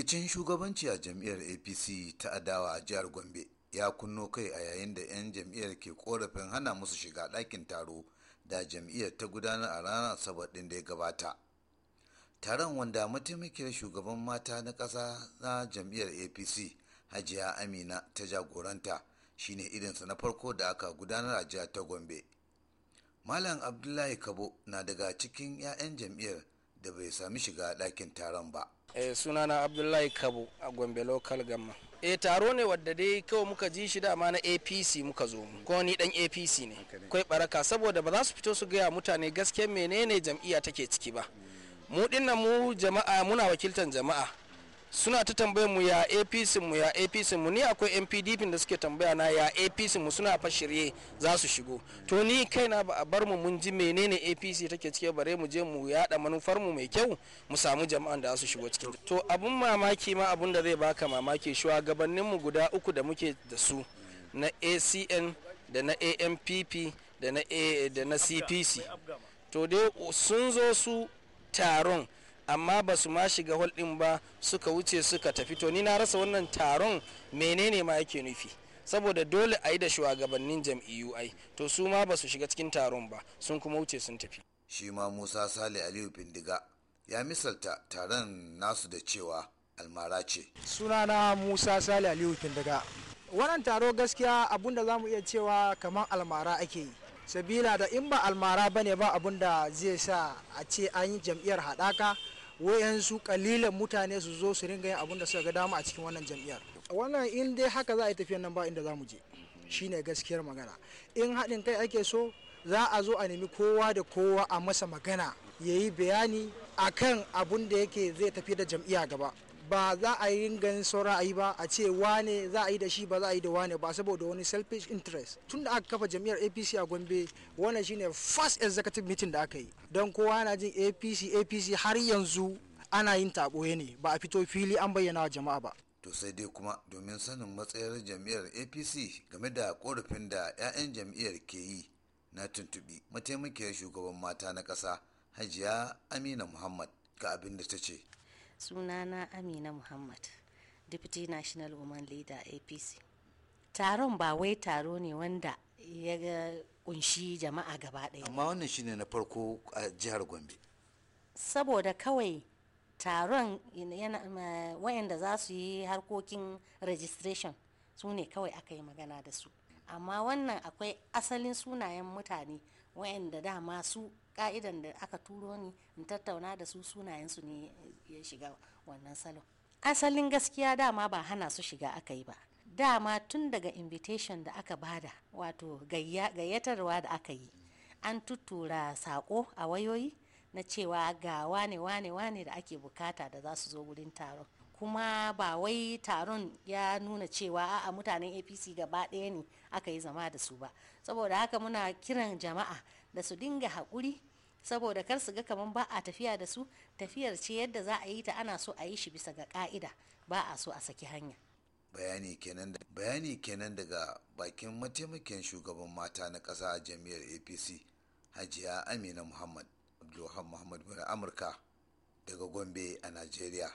rikicin shugabanci a jam'iyyar apc ta adawa a jihar gombe ya kunno kai a yayin da 'yan jam'iyyar ke korafin hana musu shiga ɗakin taro da jam'iyyar ta gudanar a ranar asabar ɗin da ya gabata taron wanda mataimakiyar shugaban mata na ƙasa na jam'iyyar apc hajiya amina ta jagoranta shine irinsa na farko da aka gudanar a jihar ta gombe malam abdullahi kabo na daga cikin 'ya'yan jam'iyyar da bai sami shiga ɗakin taron ba Eh, sunana Abdullahi kabu a Gombe Local Gamma. e eh, taro ne wadda dai kawai muka ji shi dama na apc muka zo mu ko ni dan apc ne kai baraka saboda ba za su fito su gaya mutane gaskiya menene jam'iyya take ciki ba mu dinnan mu jama'a muna wakiltan jama'a suna ta tambayar mu ya apc mu ya apc mu ni akwai npdp da suke tambaya na ya apc mu suna fa shirye za su shigo to ni kaina ba a bar mu mun ji menene apc take cike bare mu je mu yada manufar mu mai kyau mu samu jama'an da za su shigo cikin to abun mamaki ma abun da zai baka mamaki shugabannin mu guda uku da muke da su na acn da na ampp da na cpc to dai sun zo su taron amma ba su ma shiga hol din ba suka wuce suka tafi to ni na rasa wannan taron menene ma yake nufi saboda dole a yi da shugabannin jam'iyyu ai to su ma ba su shiga cikin taron ba sun kuma wuce sun tafi shi ma musa sale aliyu bindiga ya misalta taron nasu da cewa almara ce sunana musa sale aliyu bindiga wannan taro gaskiya abinda za mu iya cewa kamar almara ake yi sabila da in ba almara ba abun ba zai sa a ce an yi jam'iyyar haɗaka wayansu kalilan mutane su zo su ringa yin abun da suka ga dama a cikin wannan jam'iyyar wannan in dai haka za a yi tafiyan nan ba inda za mu je shine gaskiyar magana in haɗin kai ake so za a zo a nemi kowa da kowa a masa magana ya yi bayani akan abun da yake zai tafi da jam'iyya gaba ba za a yi ganin saura a yi ba a ce wane za a yi da shi ba za a yi da wane ba saboda wani selfish interest tun da aka kafa jami'ar apc a gombe wannan shine first executive meeting da aka yi don kowa yana jin apc apc har yanzu ana yin taɓoye ne ba a fito fili an bayyana jama'a ba to sai dai kuma domin sanin matsayar jami'ar apc game da korafin da 'ya'yan jami'ar ke yi na tuntubi mataimakiyar shugaban mata na ƙasa hajiya amina muhammad ga abin da ta ce sunana amina muhammad deputy national woman leader apc taron ba wai taro ne wanda ya kunshi jama'a gaba ɗaya amma wannan shine na farko a jihar gombe saboda kawai taron wayanda za su yi harkokin registration su ne kawai aka yi magana da su amma wannan akwai asalin sunayen mutane wayanda dama su ka'idan da aka turo ni in tattauna da su sunayensu ne ya shiga wannan salon asalin gaskiya dama ba hana su shiga aka yi ba dama tun daga invitation da aka bada wato gayyatarwa da aka yi an tuttura sako a wayoyi na cewa ga wane wane wane da ake bukata da za su zo wurin taron kuma ba wai taron ya nuna cewa a mutanen apc gaba ɗaya ne aka yi zama da su ba saboda haka muna kiran jama'a da su dinga haƙuri saboda kar su ga kamar ba a tafiya da su tafiyar ce yadda za a yi ta ana so a yi shi bisa ga ka'ida ba a so a saki hanya bayani kenan daga bakin mataimakin shugaban mata na ƙasa a jami'ar apc hajiya amina muhammad abdulhamid muhammad amurka daga gombe a najeriya